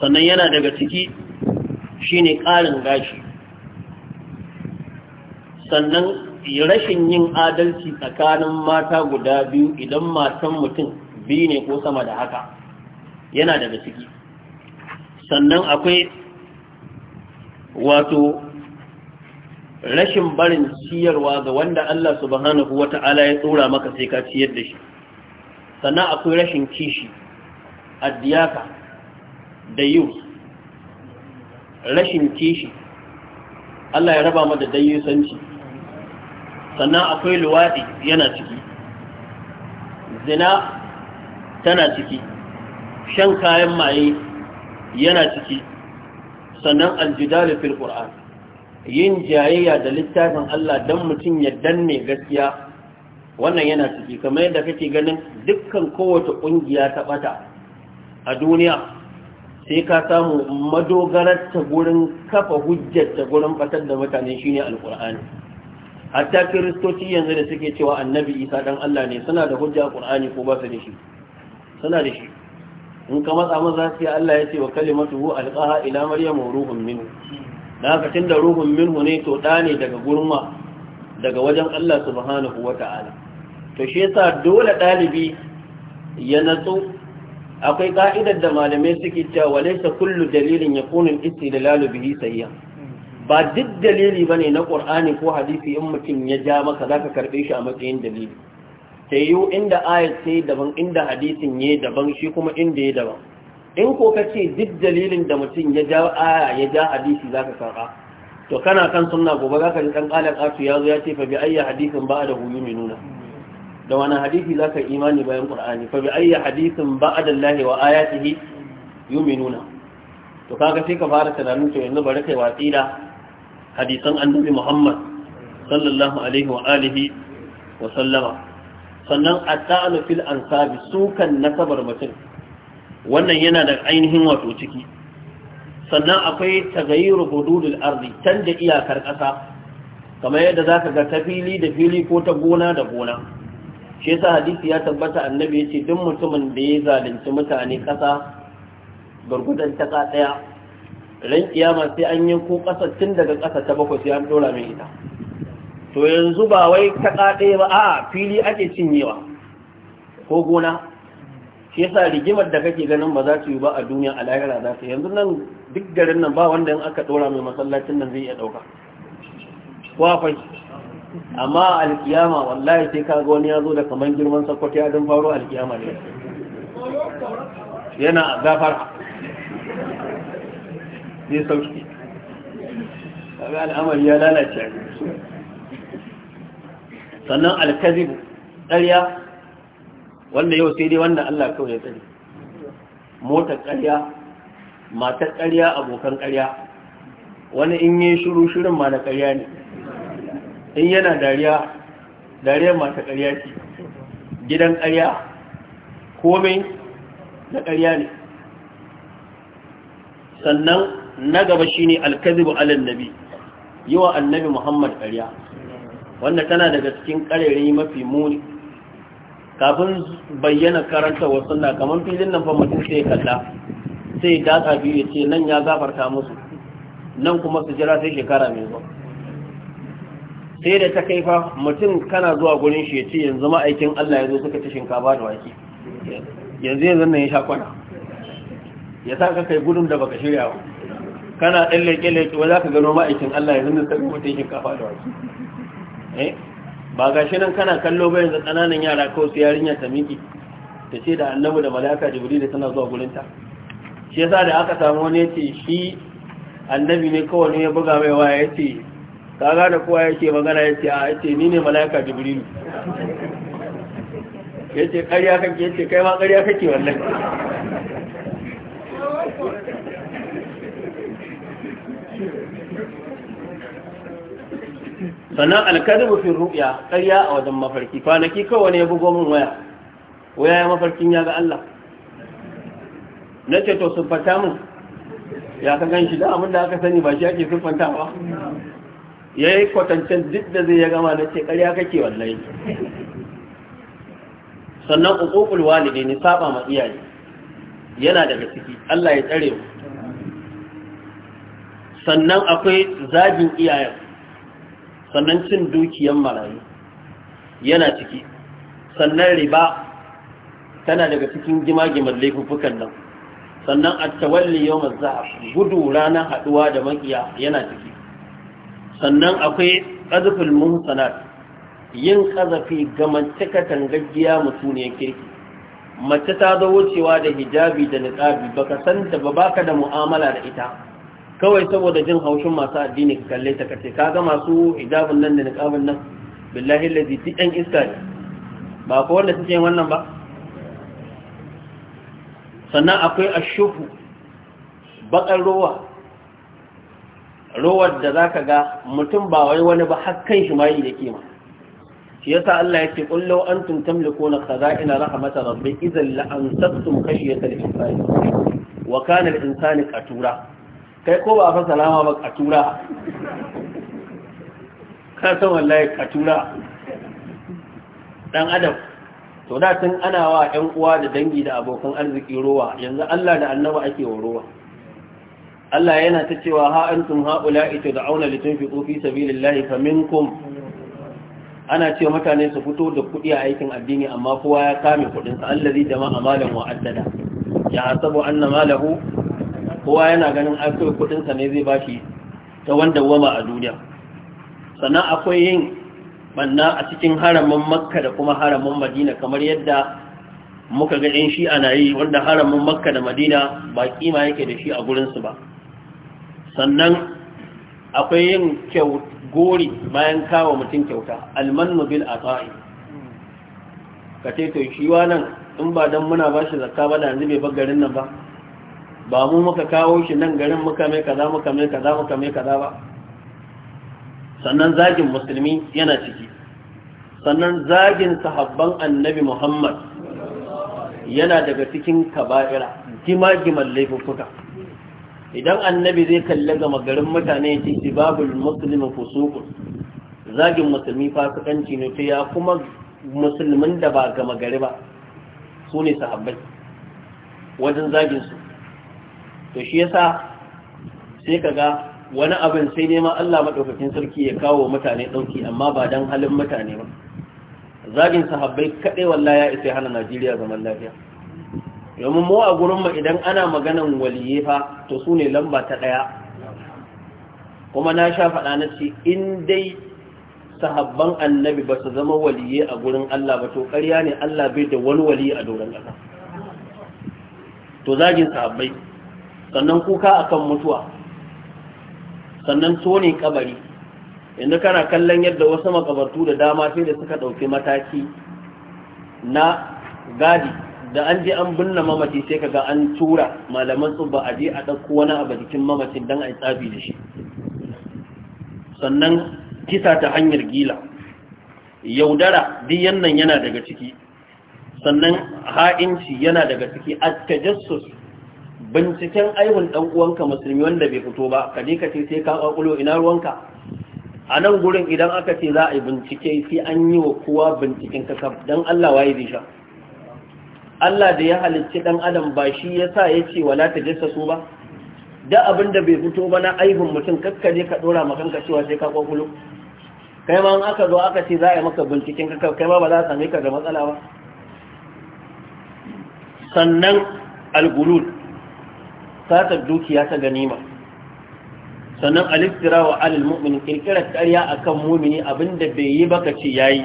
sannan yana daga ciki shine ƙarin gashi sannan rashin yin adalci tsakanin mata guda biyu idan matan mutum biyu ne ko sama da haka yana daga ciki sannan akwai wato rashin barin ciyarwa ga wanda Allah subhanahu wata'ala ya tsora maka sai ka ciyar da shi sannan akwai rashin kishi addiyaka da yiwu rashin kishi Allah ya raba mu da dayyusanci sannan akwai luwaɗi yana ciki zina tana ciki shan kayan maye yana ciki sannan aljidalu fil yin jayayya da littafin Allah don mutum ya danne gaskiya wannan yana ciki kamar yadda kake ganin dukkan kowace ƙungiya ta ɓata a duniya sai ka samu madogarar ta gurin kafa hujjar ta gurin batar da mutane shine Alƙur'ani. hatta kiristoci yanzu da suke cewa annabi isa dan Allah ne suna da hujja qur'ani ko ba su da shi suna da shi in ka matsa maza sai Allah ya ce wa kalimatuhu alqaha ila maryam wa ruhun minhu da haka tunda ruhun minhu ne to da ne daga gurma daga wajen Allah subhanahu wata'ala to shi yasa dole dalibi ya natsu akwai ka'idar da malamai suke cewa walaysa kullu dalilin yakunu al-istidlalu bihi sayyan ba duk dalili bane na qur'ani ko hadisi in mutum ya ja maka za ka karbe shi a matsayin dalili sai yiwu inda ayat sai daban inda hadisin yayi daban shi kuma inda yayi daban in ko ka ce duk dalilin da mutum ya ja aya ya ja hadisi za ka karba to kana kan sunna gobe za ka ji ɗan dan qalan ya zo ya ce fa bi ayya hadisin da huyu hu nuna. da wani hadisi za zaka imani bayan ƙur'ani? fa bi ayya hadisin ba'da allahi wa ayatihi nuna. to kaga sai ka fara tunanin to yanzu bari kai watsi da hadisan annabi Muhammad sallallahu alaihi wa alihi wa sallama sannan at fil ansabi sukan nasabar mutum wannan yana da ainihin wato ciki sannan akwai tagayyuru hududul ardi canja iyakar ƙasa kamar yadda zaka ga ta fili da fili ko ta gona da gona shi yasa hadisi ya tabbata annabi yace duk mutumin da ya zalunci mutane ƙasa gurgudan ta ɗaya ran kiyama sai an yi ko ƙasa tun daga ƙasa ta bakwai sai an dora mai ita to yanzu ba wai ta kaɗe ba a fili ake cinyewa ko gona shi yasa rigimar da kake ganin ba za su yi ba a duniya a lahira za su yanzu nan duk garin nan ba wanda in aka dora mai masallacin nan zai iya ɗauka ko akwai amma alkiyama wallahi sai ka ga wani ya zo da kaman girman sakwati ya don faro alkiyama ne yana gafara sai sauki kaga al'amari ya lalace sannan alkazib ƙarya wanda yau sai dai wanda Allah kawai ya tsari motar ƙarya matar ƙarya abokan ƙarya wani in yi shiru shirin ma na ƙarya ne in yana dariya dariyar mata ƙarya ce gidan ƙarya komai na ƙarya ne sannan na gaba shi ne alkazibu Alannabi, nabi yiwa annabi Muhammad ƙarya wanda tana daga cikin ƙarere mafi muni kafin bayyana karanta wa sunna kamar filin nan fa mutum sai kalla sai ta biyu ya ce nan ya gafarta musu nan kuma su jira sai shekara mai zuwa sai da ta kai fa mutum kana zuwa gurin shi ya ce yanzu ma'aikin Allah ya zo suka ci shinkafa da wake yanzu yanzu nan ya sha kwana ya sa ka kai gudun da baka shirya ba kana ɗan leƙe-leƙe wa za ka gano ma'aikin Allah yanzu da sabi mutum shi kafa da wasu eh? ba ga shi nan kana kallo ba yanzu ƙananan yara kawai su yarinya ta miki ta ce da annabu da malaka jibiri da tana zuwa gurinta shi yasa da aka samu wani yace ce shi annabi ne kawai ne ya buga mai waya ya ce ka gane kowa yake magana ya ce a ya ce ni ne malaka jibiri ya ƙarya kake ya ce kai ma ƙarya kake wannan sannan alkadibu fi ruɓiya ƙarya a wajen mafarki kwanaki kawai ya bugo min waya waya ya mafarkin ya ga Allah na ce to sun fata min ya ka gan shi da abin da aka sani ba shi ake ba. ya yi kwatancen duk da zai ya gama na ce ƙarya kake wallai sannan uƙuƙul walide ne saba ma iyaye yana daga ciki Allah ya tsare mu sannan akwai zagin iyayen sannan cin dukiyan marayu yana ciki sannan riba tana daga cikin gima-giman laifukan nan sannan a tawalli yau gudu ranar haduwa da makiya yana ciki sannan akwai ƙazufin muhsanat yin ƙazafi ga mace katangaggiya mutuniyar kirki mace ta zo wucewa da hijabi da niqabi baka san da ba baka da mu'amala da ita kawai saboda jin haushin masu addini ka kalle ta kace kaga masu hijabin nan da niqabin nan billahi allazi fi dan iska ne ba ko wanda suke wannan ba sannan akwai ashufu bakar rowa rowar da zaka ga mutum ba wai wani ba kan shi mai yake ma shi yasa Allah ya ce qul law antum tamlikuna khaza'ina rahmat rabbi idhan la ansabtum khashyata al-insani wa kana al-insani qatura kai ko ba a san salama ba a tura ka wallahi a tura dan adam to da tun ana wa 'yan uwa da dangi da abokan arziki rowa yanzu Allah da annaba ake wa rowa Allah yana ta cewa ha ita da auna litin fi sabilillahi faminkum ana ce mutane su fito da kuɗi a aikin addini amma kowa ya kame kuɗinsa allazi jama'a malan wa'addada ya hasabu na malahu kowa yana ganin an kai kudinsa ne zai bashi ta wanda wama a duniya sannan akwai yin banna a cikin haramin makka da kuma haramin madina kamar yadda muka ga yan shi ana yi wanda haramin makka da madina ba kima yake da shi a gurinsu ba sannan akwai yin gori bayan kawo mutum kyauta almanu bil ata'i ka ce to shi wa nan in ba dan muna ba shi zakka ba da yanzu bai bar garin nan ba ba mu muka kawo shi nan garin muka mai kaza muka mai kaza muka mai kaza ba sannan zagin musulmi yana ciki sannan zagin sahabban annabi muhammad yana daga cikin kaba'ira gima-giman laifuka idan annabi zai kalli gama garin mutane ya ce sibabul musulmi fusukun zagin musulmi fasikanci ne ta ya kuma musulmin da ba gama gari ba su ne sahabbai wajen zaginsu to shi yasa sai kaga wani abin sai nema Allah madaukakin sarki ya kawo mutane dauki amma ba dan halin mutane ba zagin sahabbai kadai wallahi ya isa hana Najeriya zaman lafiya domin mu a gurin mu idan ana maganan waliye fa to sune lamba ta daya kuma na sha faɗa na ce in dai sahabban annabi ba su zama waliye a gurin Allah ba to ƙarya ne Allah bai da wani waliye a doron ƙasa to zagin sahabbai sannan kuka akan mutuwa sannan tone kabari inda kana kallon yadda wasu makabartu da dama sai da suka ɗauki mataki na gadi da an je an binne mamaci sai kaga an tura malaman tsubba a je a ɗauko wani abu jikin mamaci, don a tsabi da shi sannan kisa ta hanyar gila yaudara duk yannan yana daga ciki sannan ha'inci yana daga ciki a tajassus binciken aibin dan uwanka musulmi wanda bai fito ba ka je ka ce sai ka kwakulo ina ruwanka a nan gurin idan aka ce za a yi bincike sai an yi wa kowa binciken kasaf dan Allah waye zai sha Allah da ya halicci dan adam ba shi yasa yace wala ta su ba da abin da bai fito ba na aibin mutum kakka ne ka dora ma kanka cewa sai ka kwakulo kai ma in aka zo aka ce za a yi maka binciken ka kai ma ba za a same ka da matsala ba sannan al-gulul satar dukiya ta ganima sannan aliftira wa alil mu'min kirkirar a akan mumini abinda bai yi baka ce yayi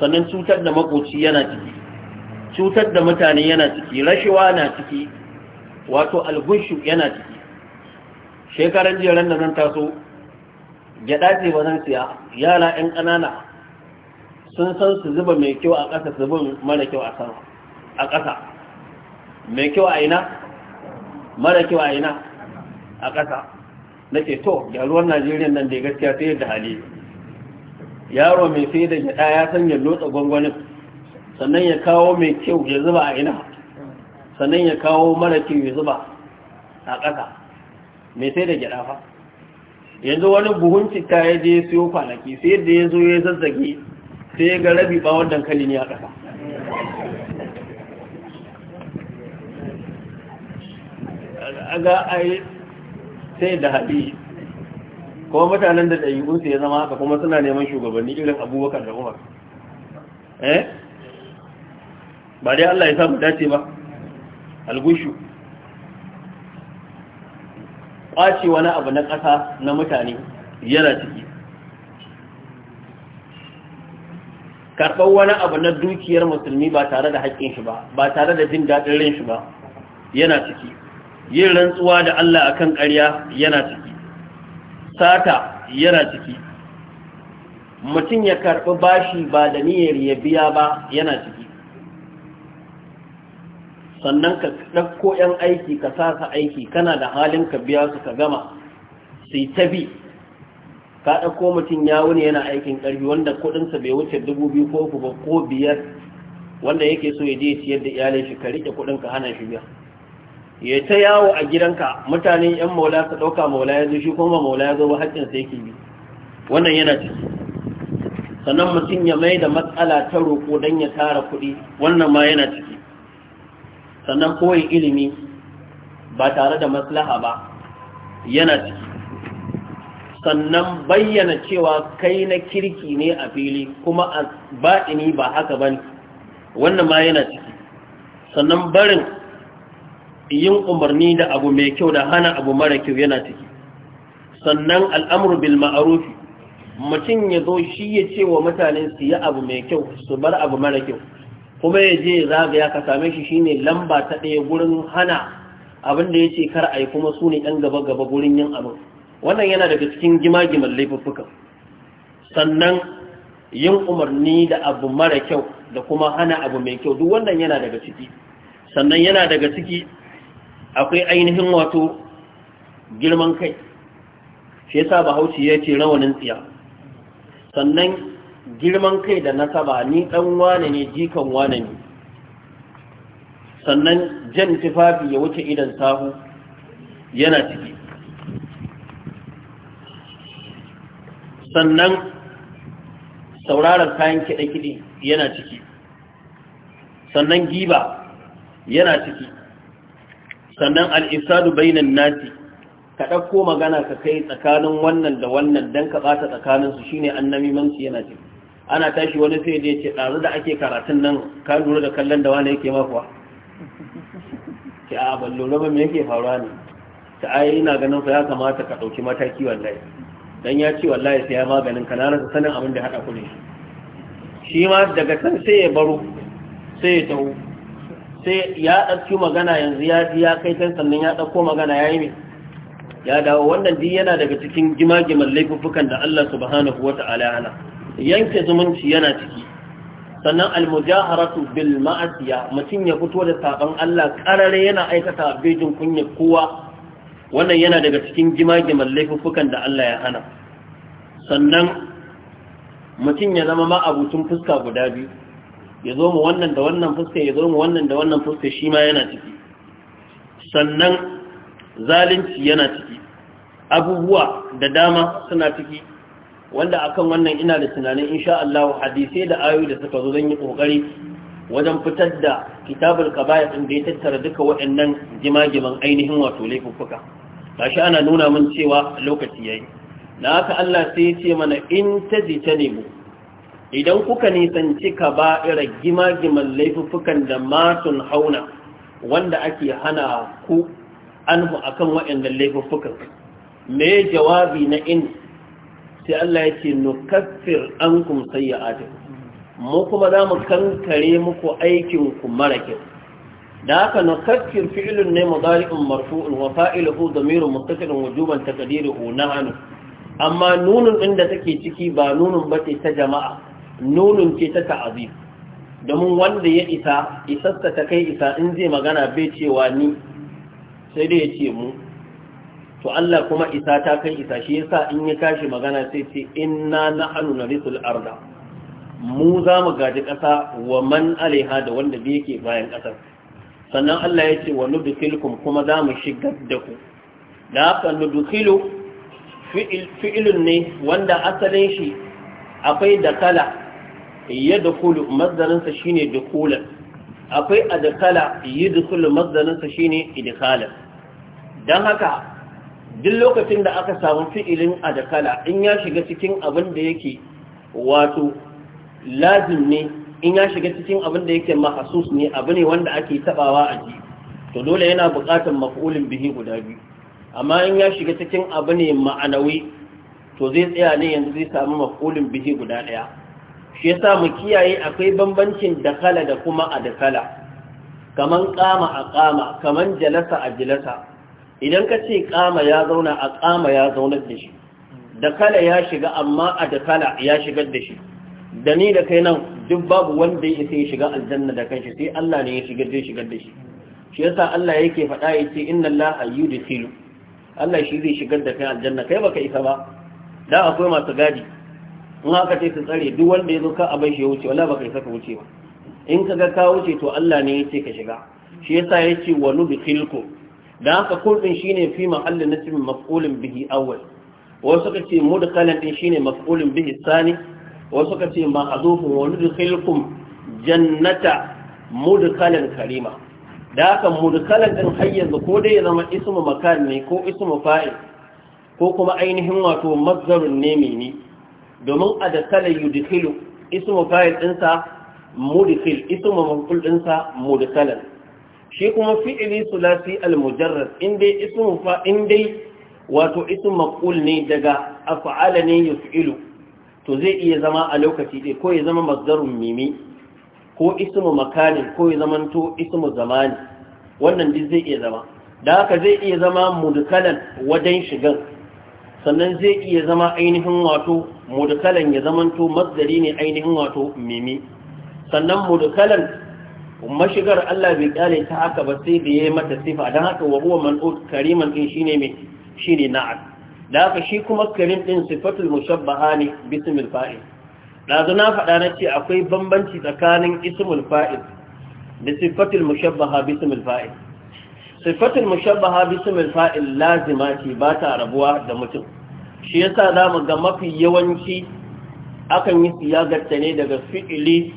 sannan cutar da makoci yana ciki cutar da mutane yana ciki rashawa na ciki wato algunshu yana ciki shekaran jiran da zan taso gyada ce ba zan siya yara 'yan ƙanana sun san su zuba mai kyau a ƙasa su zuba mara kyau a sama a ƙasa mai kyau a ina mara kyau a ina a ƙasa na ke to gyaruwar najeriya nan da gaskiya sai da hali yaro mai sai da gyaɗa ya san ya lotsa gwangwanin sannan ya kawo mai kyau ya zuba a ina sannan ya kawo mara kyau ya zuba a ƙasa mai sai da gyaɗa fa yanzu wani buhun citta ya je siyo kwanaki sai da ya zo ya zazzage sai ya ga rabi ɓawon dankali ne a ƙasa aga ai sai da haɗi kuma mutanen da ɗayyukunsu ya zama haka kuma suna neman shugabanni irin abubakar da umar eh ba dai Allah ya samu dace ba algushu ƙwace wani abu na ƙasa na mutane yana ciki karɓar wani abu na dukiyar musulmi ba tare da haƙƙin shi ba ba tare da jin daɗin ran shi ba yana ciki yin rantsuwa da Allah akan ƙarya yana ciki sata yana ciki mutum ya karɓi bashi ba da niyyar ya biya ba yana ciki sannan ka ɗauko 'yan aiki ka sa aiki kana da halin ka biya su ka gama sai ta bi ka ɗauko mutum ya wuni yana aikin ƙarfi wanda kuɗinsa bai wuce dubu biyu ko ko biyar wanda yake so ya je ciyar da iyalai shi ka riƙe kuɗin ka hana shi biya ya ta yawo a gidanka mutane yan maula ka ɗauka maula ya zo shi kuma maula ya zo ba haƙƙin sai ke bi wannan yana ciki sannan mutum ya mai da matsala ta roƙo don ya tara kuɗi wannan ma yana ciki sannan koyin ilimi ba tare da maslaha ba yana ciki sannan bayyana cewa kai na kirki ne a fili kuma a ba'ini ba haka ba ne. wannan ma yana ciki sannan barin yin umarni da abu mai kyau da hana abu mara kyau yana ciki sannan al'amur bil ma'arufi mutum ya zo shi ya ce wa mutanen su yi abu mai kyau su bar abu mara kyau kuma ya je zagaya ka same shi shine lamba ta ɗaya gurin hana abin da ya ce kar a yi kuma su ne ɗan gaba gaba gurin yin abu wannan yana daga cikin gima-giman laifuffukan sannan yin umarni da abu mara kyau da kuma hana abu mai kyau duk wannan yana daga ciki sannan yana daga ciki akwai ainihin wato girman kai shi yasa bahaushe ya ce rawanin tsiya sannan girman kai da na saba, ni dan wane ne jikan wane ne sannan jan tufafi ya wuce idan sahu yana ciki sannan sauraron kayan kiɗe-kiɗe yana ciki sannan giba yana ciki sannan al'isadu bainan nasi ka ɗauko magana ka kai tsakanin wannan da wannan don ka ɓata tsakaninsu ne annabi mansu yana ce ana tashi wani sai da ya ce ɗazu da ake karatun nan ka lura da kallon da wani yake makuwa ke [LAUGHS] a ban lura ba mai yake faruwa ne ta ai ina ganin su ya kamata ka ɗauki mataki wallahi dan ya ce wallahi sai ya maganin ka na rasa sanin abin da haɗa ku ne shi ma daga kan sai ya baro sai ya taho sai ya ɗarki magana yanzu ya ji ya kai kai sannan ya ɗauko magana ya yi mai ya dawo wannan din yana daga cikin gimagiman laifukan da Allah subhanahu wa ta'ala hana yanke zumunci yana ciki sannan almujaharatu bil ma'asiya mutum ya fito da saban Allah karare yana aikata bejin kunya kowa wannan yana daga cikin gimagiman laifukan da Allah ya hana sannan mutum ya zama ma fuska guda biyu ya zo mu wannan da wannan fuska ya zo mu wannan da wannan fuska shi ma yana ciki sannan zalunci yana ciki abubuwa da dama suna ciki wanda akan wannan ina da tunanin insha Allah hadisai da ayoyi da suka zo zan yi kokari wajen fitar da kitabul kabaya din da ya tattara duka waɗannan jimagiman ainihin wato laifuffuka gashi ana nuna min cewa lokaci yayi na haka Allah sai ya ce mana in tajitanibu idan kuka nisanci ka ira gima-giman laifuffukan da matun hauna wanda ake hana ku anhu akan waɗannan laifuffukan me jawabi na in sai Allah ya ce nukaffir an kum sayyi'atin mu kuma za mu kankare muku aikin ku mara kyau da aka nukaffir fi'lun ne mu mudari'un marfu'un wa da dhamirun muttasilun wujuban na hannu. amma nunun inda take ciki ba nunun bace ta jama'a nunun ce ta ta'azim domin wanda ya isa isarsa ta kai isa in zai magana bai cewa ni sai dai ya ce mu to Allah kuma isa ta kai isa shi yasa in ya tashi magana sai ce inna nahnu narisul arda mu za mu gaji ƙasa wa man alaiha da wanda bai yake bayan ƙasar sannan Allah ya ce wa nudkhilukum kuma za mu shigar da ku da haka nudkhilu fi'il fi'ilun ne wanda asalin shi akwai dakala ya dukulu mazdarinsa shi ne dukulan akwai adakala yi dukulu mazdarinsa shi ne idikalan don haka duk lokacin da aka samu fi'ilin adakala in ya shiga cikin abin da yake wato lazim ne in ya shiga cikin abin da yake mahasus ne abu ne wanda ake tabawa a ji to dole yana buƙatar maf'ulin bihi guda biyu amma in ya shiga cikin abu ne ma'anawi to zai tsaya ne yanzu zai samu maf'ulin bihi guda ɗaya shi yasa mu kiyaye akwai bambancin dakala da kuma adkala kaman a aqama kaman jalasa ajlasa idan ka ce qama ya zauna a aqama ya zauna da shi dakala ya shiga amma adkala ya shigar da shi da ni da kai nan duk babu wanda ya sai shiga aljanna da kanshi sai Allah ne ya shigar da shigar da shi shi yasa Allah yake faɗa yace inna Allah yudkhilu Allah shi zai shigar da kai aljanna kai baka isa ba da akwai masu gadi in ka ce su tsare duk wanda ya zo ka abai shi ya wuce wala ba kai saka wuce ba in ka ga ka wuce to Allah ne ya ce ka shiga shi yasa ya ce wa nudkhilku da haka kullun shine fi mahallin nasibin maf'ulin bihi awwal wasu suka ce mudkhalan din shine maf'ulin bihi sani wasu suka ce a ma'azufun wa nudkhilkum jannata kalan karima da haka mudkhalan din har yanzu ko dai ya zama ismu makan ne ko ismu fa'il ko kuma ainihin wato mazdarun ne mai ne? domin a da kala yudkhilu ismu fa'il mu mudkhil ismu maf'ul dinsa mudkhalan shi kuma fi'ili sulasi al-mujarrad inda ismu fa dai wato ismu maf'ul ne daga af'ala ne yuf'ilu to zai iya zama a lokaci ɗaya ko ya zama masdarun mimi ko ismu makanin ko ya zama to ismu zamani wannan duk zai iya zama da haka zai iya zama mu mudkalan wajen shigan sannan zai iya zama ainihin wato mudkalan ya zamanto masdari ne ainihin wato mimi sannan mudkalan mashigar Allah bai kyale ta haka ba sai da yayi mata sifa dan haka wa huwa man'ut kariman din shine me shine na'at da haka shi kuma karim din sifatul mushabbaha ne bismil fa'il dazu na faɗa na ce akwai bambanci tsakanin ismul fa'il da sifatul mushabbaha bismil fa'il sifatin mushabbaha bismil fa'il lazima ce ba ta rabuwa da mutum shi yasa zamu ga mafi yawanci akan yi ta ne daga fi'ili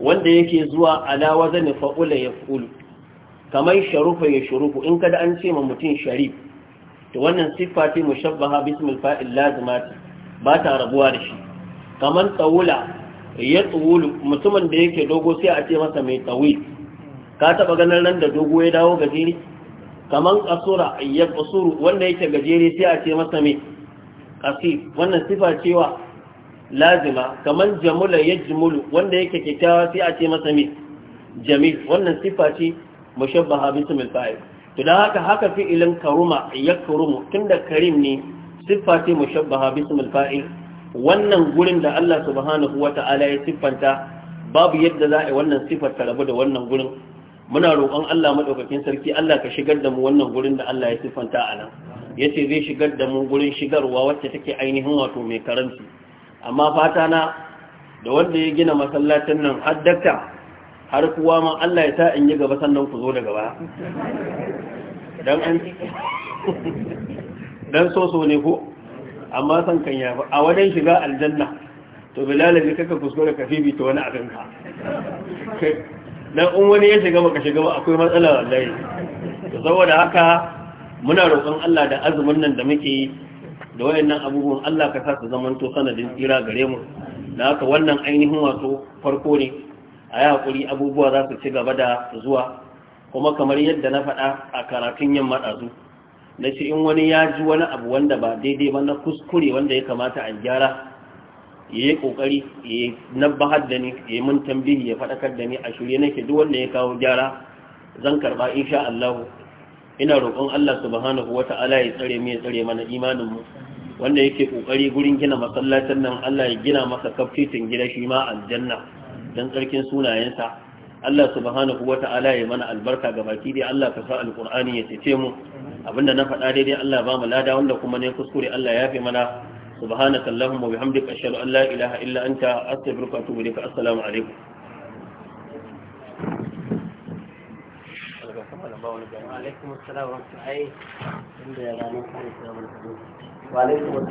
wanda yake zuwa ala wazani fa'ula yaf'ulu kamar sharufa ya shurufu in kada an ce ma mutum sharif to wannan siffa ce mushabbaha bismil fa'il lazima ce ba ta rabuwa da shi kamar tsawula ya tsawulu mutumin da yake dogo sai a ce masa mai tsawi ka taba ganin ran da dogo ya dawo gajeri kaman kasura ya kasuru wanda yake gajere sai a ce masa mai kasif wannan sifa cewa lazima kaman jamula ya jimulu wanda yake kyakkyawa sai a ce masa mai jamil wannan sifa ce mushabbaha bismil fa'il to dan haka haka fi'ilin karuma ya karumu tunda karim ne sifa ce mushabbaha bismil fa'il wannan gurin da Allah subhanahu wata'ala ya siffanta babu yadda za a yi wannan siffar ta rabu da wannan gurin muna roƙon Allah maɗaukakin sarki Allah ka shigar da mu wannan gurin da Allah ya siffanta a nan ya ce zai shigar da mu gurin shigarwa wacce take ainihin wato mai karanci amma fata na da wanda ya gina masallacin nan har dakta har kuwa ma Allah ya sa in yi gaba sannan ku zo daga ba dan an dan so so ne ko amma san kan ya a wajen shiga aljanna to bilalabi kaka kuskure ka fifi wani abin ka dan in wani ya shiga baka shiga ba akwai matsala wallahi to saboda haka muna roƙon Allah da azumin nan da muke da wayannan abubuwan Allah ka sa su zamanto sanadin tsira gare mu da haka wannan ainihin wato farko ne a yi hakuri abubuwa za su ci gaba da zuwa kuma kamar yadda na faɗa a karatun yamma matsazu na ce in wani ya ji wani abu wanda ba daidai ba na kuskure wanda ya kamata a gyara ya yi ƙoƙari ya nabbahar da ni ya mun tambihi ya faɗakar da ni a shirye nake duk wanda ya kawo gyara zan karɓa insha Allah ina roƙon Allah subhanahu wata'ala ya tsare mu ya tsare mana imanin mu wanda yake kokari gurin gina masallacin nan Allah ya gina masa kafitin gida shi ma aljanna dan tsarkin sunayensa Allah subhanahu wata'ala ya mana albarka ga baki dai Allah ka sa alqur'ani ya tace mu abinda na faɗa daidai Allah ba mu lada wanda kuma ne kuskure Allah ya fi mana subhanaka allahumma bihamdika ashhadu an la ilaha illa anta astaghfiruka wa atubu ilaik وعليكم السلام ورحمة الله وبركاته